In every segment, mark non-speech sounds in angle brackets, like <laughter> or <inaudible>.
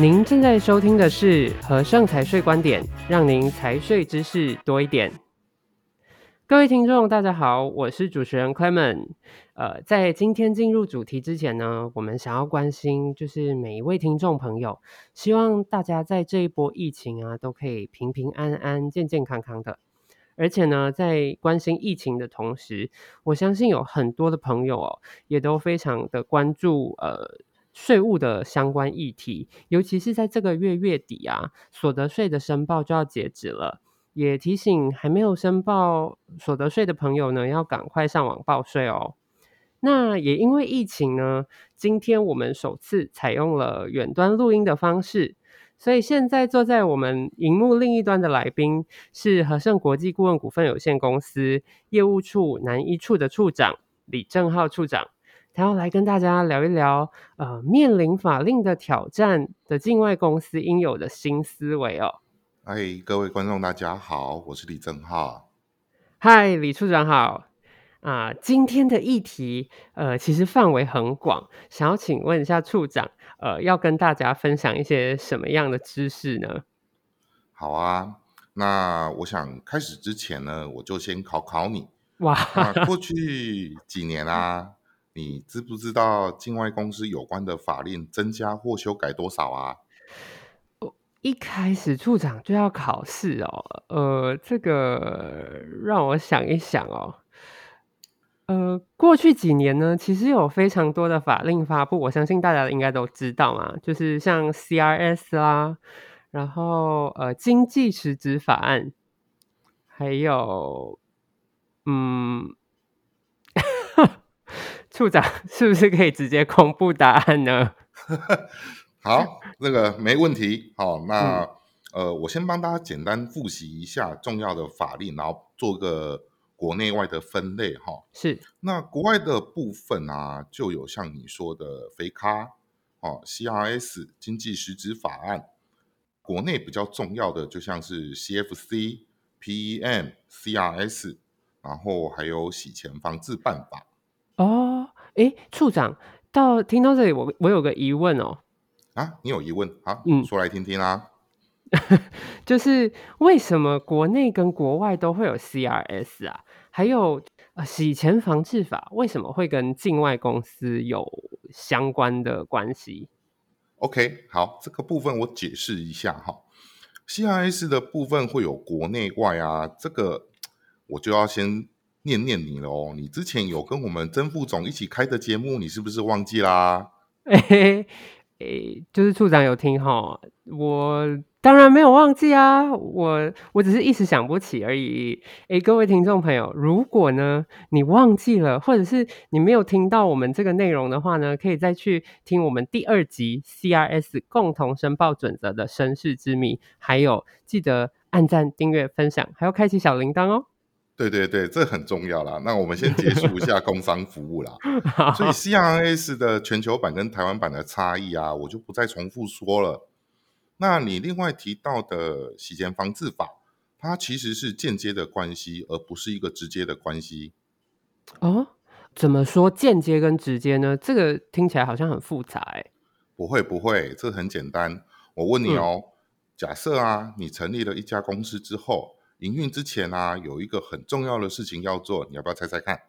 您正在收聽的是荷盛財稅觀點，讓您財稅知識多一點。各位聽眾，大家好，我是主持人 Clement。呃，在今天進入主題之前呢，我們想要關心，就是每一位聽眾朋友，希望大家在這一波疫情啊，都可以平平安安、健健康康的。而且呢，在關心疫情的同時，我相信有很多的朋友哦、喔，也都非常的關注呃。稅務的相關議題，尤其是在這個月月底啊，所得稅的申報就要截止了。也提醒還沒有申報所得稅的朋友呢，要趕快上網報稅哦。那也因為疫情呢，今天我們首次採用了遠端錄音的方式，所以現在坐在我們熒幕另一端的來賓是荷盛國際顧問股份有限公司業務處南一處的處長李正浩處長。然後來跟大家聊一聊，呃，面臨法令的挑戰的境外公司應有的新思維哦。嗨，各位觀眾，大家好，我是李正浩。嗨，李處長好啊。呃，今天的議題，呃，其實範圍很廣，想要請問一下處長，呃，要跟大家分享一些什麼樣的知識呢？好啊，那我想開始之前呢，我就先考考你。哇。過去幾年啊。 <laughs> 你知不知道境外公司有關的法令增加或修改多少啊？我一開始處長就要考試哦。呃，這個讓我想一想哦。呃，過去幾年呢，其實有非常多的法令發布，我相信大家應該都知道嘛，就是像 CRS 啦，然後呃，經濟實質法案，還有，嗯。處長是不是可以直接公布答案呢？ <laughs> 好，那個沒問題。好，那、嗯、呃，我先幫大家簡單複習一下重要的法令，然後做個國內外的分類。哈、哦，是那國外的部分啊，就有像你說的 A、哦“肥咖”哦，C R S 經濟實質法案。國內比較重要的，就像是 C F C、P E M、C R S，然後還有洗錢防制辦法。哎，處長，到聽到這裡我，我我有個疑問哦。啊，你有疑問，好、啊，嗯，說來聽聽啊。 <laughs> 就是為什麼國內跟國外都會有 C R S 啊？還有洗錢防制法為什麼會跟境外公司有相關的關係？OK，好，這個部分我解釋一下哈。C R S 的部分會有國內外啊，這個我就要先。念念你了哦，你之前有跟我們曾副總一起開的節目，你是不是忘記啦？啊？哎、欸欸，就是處長有聽吼，我當然沒有忘記啊，我我只是一時想不起而已。哎、欸，各位聽眾朋友，如果呢你忘記了，或者是你沒有聽到我們這個內容的話呢，可以再去聽我們第二集 C R S 共同申報準則的身世之謎，還有記得按讚、訂閱、分享，還要開啟小鈴鐺哦。對對對，這很重要啦。那我們先結束一下工商服務啦。 <laughs> 所以 CRS 的全球版跟台灣版的差異啊，我就不再重複說了。那你另外提到的洗錢防制法，它其實是間接的關係，而不是一個直接的關係。哦，怎麼說間接跟直接呢？這個聽起來好像很複雜、欸。不會不會，這很簡單。我問你哦，嗯、假設啊，你成立了一家公司之後。營運之前啊，有一個很重要的事情要做，你要不要猜猜看？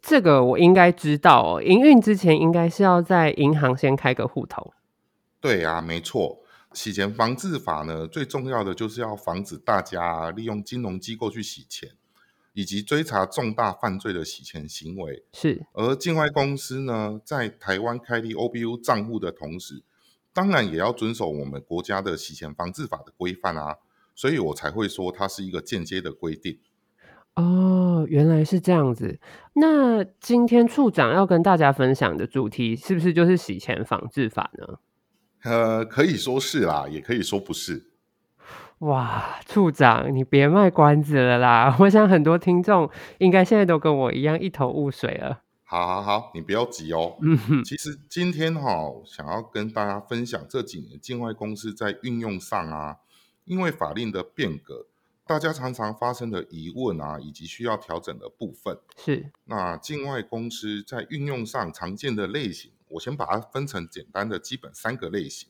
這個我應該知道哦。營運之前應該是要在銀行先開個戶頭。對啊，沒錯。洗錢防治法呢，最重要的就是要防止大家利用金融機構去洗錢，以及追查重大犯罪的洗錢行為。是。而境外公司呢，在台灣開立 OBU 賬戶的同時，當然也要遵守我們國家的洗錢防治法的規範啊。所以我才會說它是一個間接的規定。哦，原來是這樣子。那今天處長要跟大家分享的主題是不是就是洗錢防制法呢？呃，可以說是啦，也可以說不是。哇，處長你別賣關子了啦！我想很多聽眾應該現在都跟我一樣一頭霧水了。好好好，你不要急哦。嗯哼，其實今天哈、哦，想要跟大家分享這幾年境外公司在運用上啊。因為法令的變革，大家常常發生的疑問啊，以及需要調整的部分。是那境外公司在運用上常見的類型，我先把它分成簡單的基本三個類型。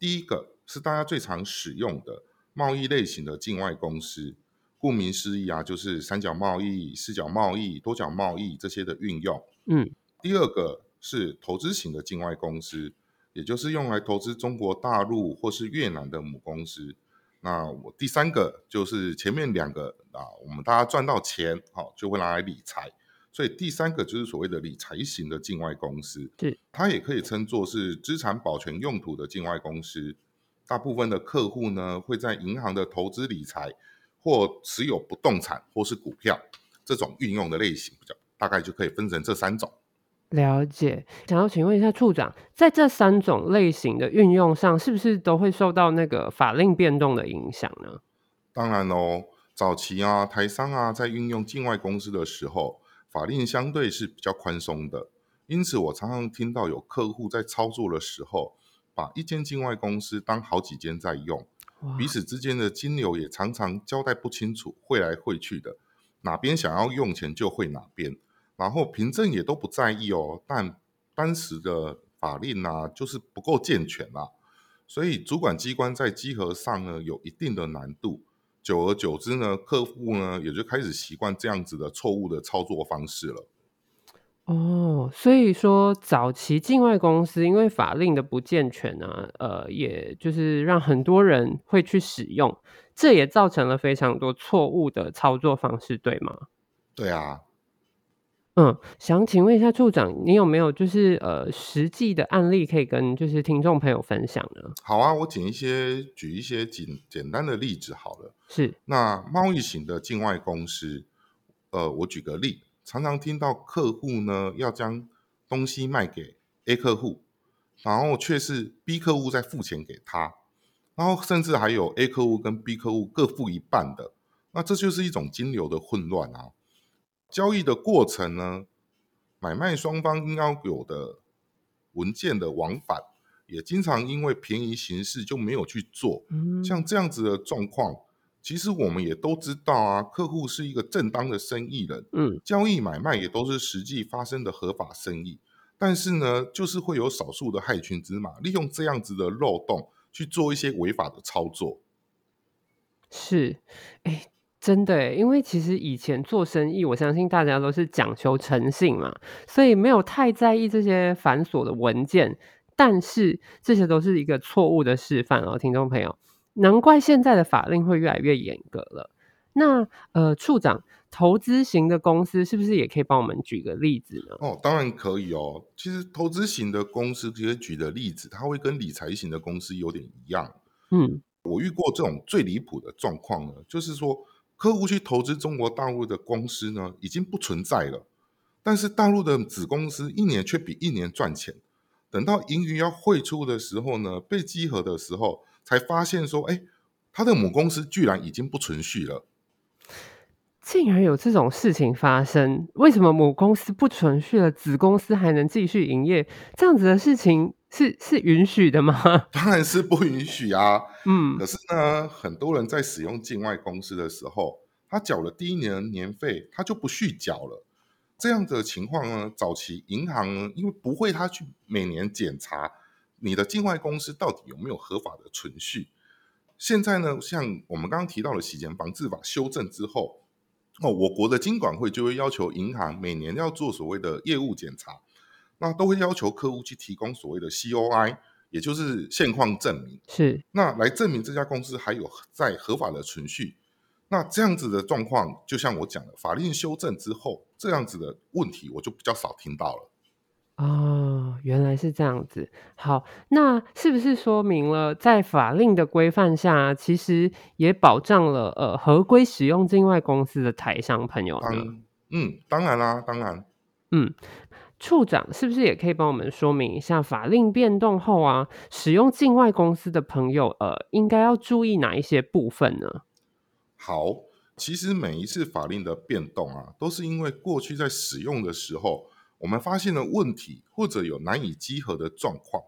第一個是大家最常使用的貿易類型的境外公司，顧名思義啊，就是三角貿易、四角貿易、多角貿易這些的運用。嗯，第二個是投資型的境外公司，也就是用來投資中國大陸或是越南的母公司。那我第三個就是前面兩個啊，我們大家賺到錢，好就會拿來理財，所以第三個就是所謂的理財型的境外公司，對，它也可以稱作是資產保全用途的境外公司。大部分的客戶呢，會在銀行的投資理財，或持有不動產或是股票這種運用的類型，比較大概就可以分成這三種。了解，想要請問一下處長，在這三種類型的運用上，是不是都會受到那個法令變動的影響呢？當然哦，早期啊，台商啊，在運用境外公司的時候，法令相對是比較寬鬆的，因此我常常聽到有客戶在操作的時候，把一間境外公司當好幾間在用，哇彼此之間的金流也常常交代不清楚，匯來匯去的，哪邊想要用錢就匯哪邊。然後憑證也都不在意哦，但當時的法令呢、啊，就是不夠健全啦、啊，所以主管機關在稽核上呢，有一定的難度。久而久之呢，客戶呢也就開始習慣這樣子的錯誤的操作方式了。哦，所以說早期境外公司因為法令的不健全呢、啊，呃，也就是讓很多人會去使用，這也造成了非常多錯誤的操作方式，對嗎？對啊。嗯，想請問一下處長，你有沒有就是呃實際的案例可以跟就是聽眾朋友分享呢？好啊，我請一些舉一些舉一些簡簡單的例子好了。是，那貿易型的境外公司，呃，我舉個例，常常聽到客戶呢要將東西賣給 A 客戶，然後卻是 B 客戶在付錢給他，然後甚至還有 A 客戶跟 B 客戶各付一半的，那這就是一種金流的混亂啊。交易的過程呢，買賣雙方應該有的文件的往返，也經常因為便宜行事就沒有去做。嗯、哼像這樣子的狀況，其實我們也都知道啊。客戶是一個正當的生意人，嗯，交易買賣也都是實際發生的合法生意。但是呢，就是會有少數的害群之馬，利用這樣子的漏洞去做一些違法的操作。是，欸。真的，因為其實以前做生意，我相信大家都是講求誠信嘛，所以沒有太在意這些繁瑣的文件。但是這些都是一個錯誤的示範哦，聽眾朋友，難怪現在的法令會越來越嚴格了。那呃，處長，投資型的公司是不是也可以幫我們舉個例子呢？哦，當然可以哦。其實投資型的公司其實舉的例子，它會跟理財型的公司有點一樣。嗯，我遇過這種最離譜的狀況呢，就是說。客戶去投資中國大陸的公司呢，已經不存在了，但是大陸的子公司一年卻比一年賺錢。等到盈餘要匯出的時候呢，被稽核的時候，才發現說，哎，他的母公司居然已經不存續了。竟然有這種事情發生？為什麼母公司不存續了，子公司還能繼續營業？這樣子的事情是是允許的嗎？當然是不允許啊。嗯，可是呢，很多人在使用境外公司的時候，他繳了第一年年費，他就不續繳了。這樣的情況呢，早期銀行因為不會他去每年檢查你的境外公司到底有沒有合法的存續。現在呢，像我們剛剛提到的洗錢防制法修正之後。哦，我國的金管會就會要求銀行每年要做所謂的業務檢查，那都會要求客戶去提供所謂的 COI，也就是現況證明，是，那來證明這家公司還有在合法的存續。那這樣子的狀況，就像我講的，法令修正之後，這樣子的問題我就比較少聽到了。啊、哦，原來是這樣子。好，那是不是說明了，在法令的規範下，其實也保障了呃合規使用境外公司的台商朋友呢？嗯，當然啦、啊，當然。嗯，處長是不是也可以幫我們說明一下法令變動後啊，使用境外公司的朋友呃，應該要注意哪一些部分呢？好，其實每一次法令的變動啊，都是因為過去在使用的時候。我們發現了問題，或者有難以稽核的狀況，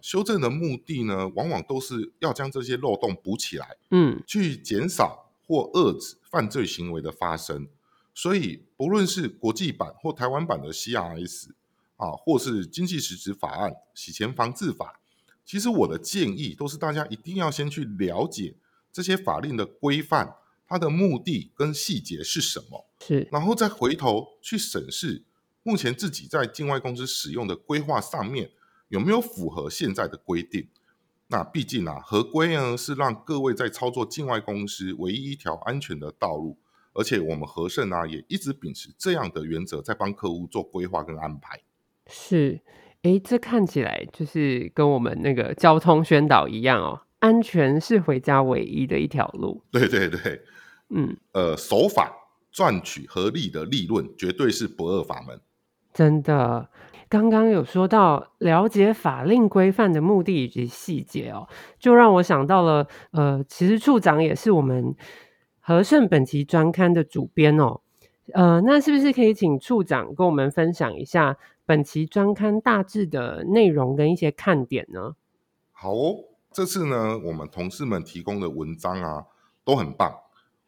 修正的目的呢，往往都是要將這些漏洞補起來，嗯，去減少或遏止犯罪行為的發生。所以，不論是國際版或台灣版的 CRS 啊，或是經濟實質法案、洗錢防治法，其實我的建議都是大家一定要先去了解這些法令的規範，它的目的跟細節是什麼，是，然後再回頭去審視。目前自己在境外公司使用的規劃上面有沒有符合現在的規定？那畢竟啊，合規呢，是讓各位在操作境外公司唯一一條安全的道路，而且我們荷盛，啊、也一直秉持這樣的原則，在幫客戶做規劃跟安排。是，誒、欸，這看起來就是跟我們那個交通宣導一樣哦，安全是回家唯一的一條路。對對對，嗯，呃，守法賺取合理的利潤，絕對是不二法門。真的，剛剛有說到了解法令規範的目的以及細節哦，就讓我想到了，呃，其實處長也是我們荷盛本期專刊的主編哦，呃，那是不是可以請處長跟我們分享一下本期專刊大致的內容跟一些看點呢？好哦，這次呢，我們同事們提供的文章啊都很棒，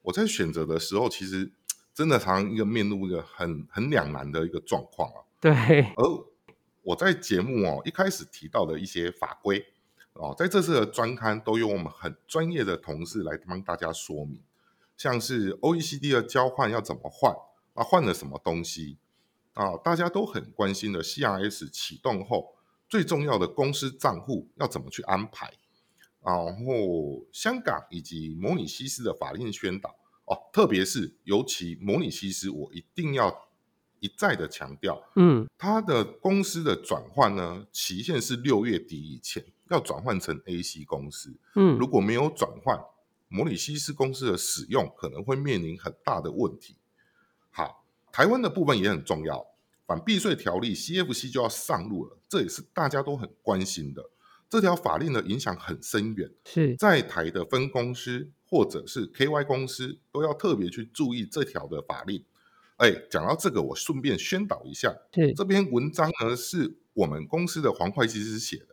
我在選擇的時候其實。真的常，常一個面露一個很很兩難的一個狀況啊。對。而我在節目哦一開始提到的一些法規，哦在這次的專刊都由我們很專業的同事來幫大家說明，像是 OECD 的交換要怎麼換，啊，換了什麼東西啊？大家都很關心的 CRS 啟動後最重要的公司賬戶要怎麼去安排，然後香港以及模里西斯的法令宣導。哦，特別是尤其摩里西斯，我一定要一再的強調，嗯，它的公司的轉換呢，期限是六月底以前要轉換成 AC 公司，嗯，如果沒有轉換，摩里西斯公司的使用可能會面臨很大的問題。好，台灣的部分也很重要，反避稅條例 CFC 就要上路了，這也是大家都很關心的，這條法令的影響很深遠，是，在台的分公司。或者是 KY 公司都要特別去注意這條的法令。哎、欸，講到這個，我順便宣導一下。對是，這篇文章呢是我們公司的黃會計師寫的，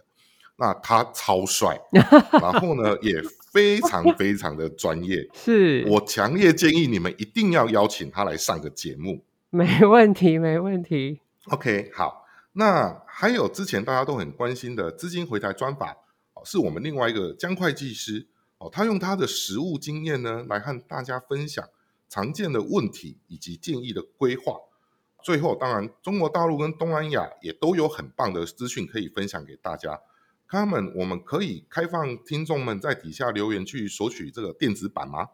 那他超帥， <laughs> 然後呢也非常非常的專業。 <laughs> 是，我強烈建議你們一定要邀請他來上個節目。沒問題，沒問題。OK，好。那還有之前大家都很關心的資金回台專法，是我們另外一個江會計師。哦，他用他的實務經驗呢，來和大家分享常見的問題以及建議的規劃。最後，當然，中國大陸跟東南亞也都有很棒的資訊可以分享給大家。他們，我們可以開放聽眾們在底下留言去索取這個電子版嗎？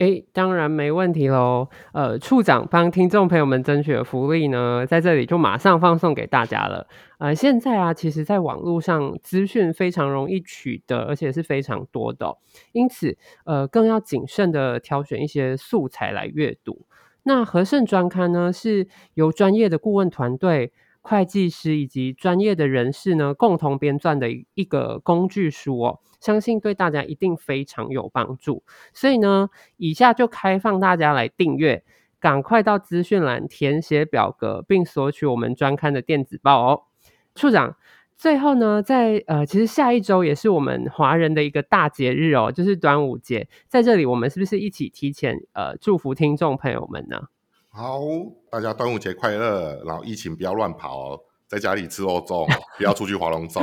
誒，當然沒問題嘍。呃，處長幫聽眾朋友們爭取的福利呢，在這裡就馬上放送給大家了。呃，現在啊，其實，在網絡上資訊非常容易取得，而且是非常多的哦。因此，呃，更要謹慎地挑選一些素材來閱讀。那荷盛專刊呢，是由專業的顧問團隊，會計師以及專業的人士呢，共同編撰的一個工具書哦，相信對大家一定非常有幫助。所以呢，以下就開放大家來訂閱，趕快到資訊欄填寫表格，並索取我們專刊的電子報哦。處長，最後呢，在呃，其實下一周也是我們華人的一個大節日哦，就是端午節。在這裡，我們是不是一起提前呃，祝福聽眾朋友們呢？好，大家端午節快樂！然後疫情不要亂跑，在家裡吃肉粽，不要出去划龍舟。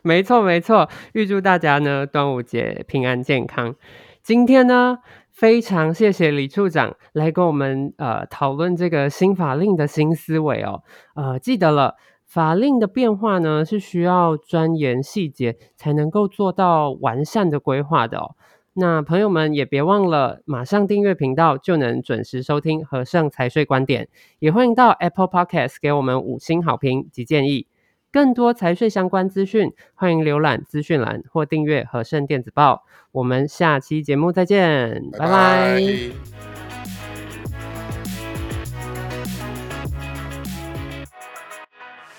沒錯，沒錯，預祝大家呢，端午節平安健康。今天呢，非常謝謝李處長來跟我們呃討論這個新法令的新思維哦。呃，記得了，法令的變化呢是需要專研細節才能夠做到完善的規劃的哦。那朋友們也別忘了馬上訂閱頻道，就能準時收聽荷盛財稅觀點。也歡迎到 Apple Podcast 給我們五星好評及建議。更多財稅相關資訊，歡迎瀏覽資訊欄或訂閱荷盛電子報。我們下期節目再見，拜拜。拜拜。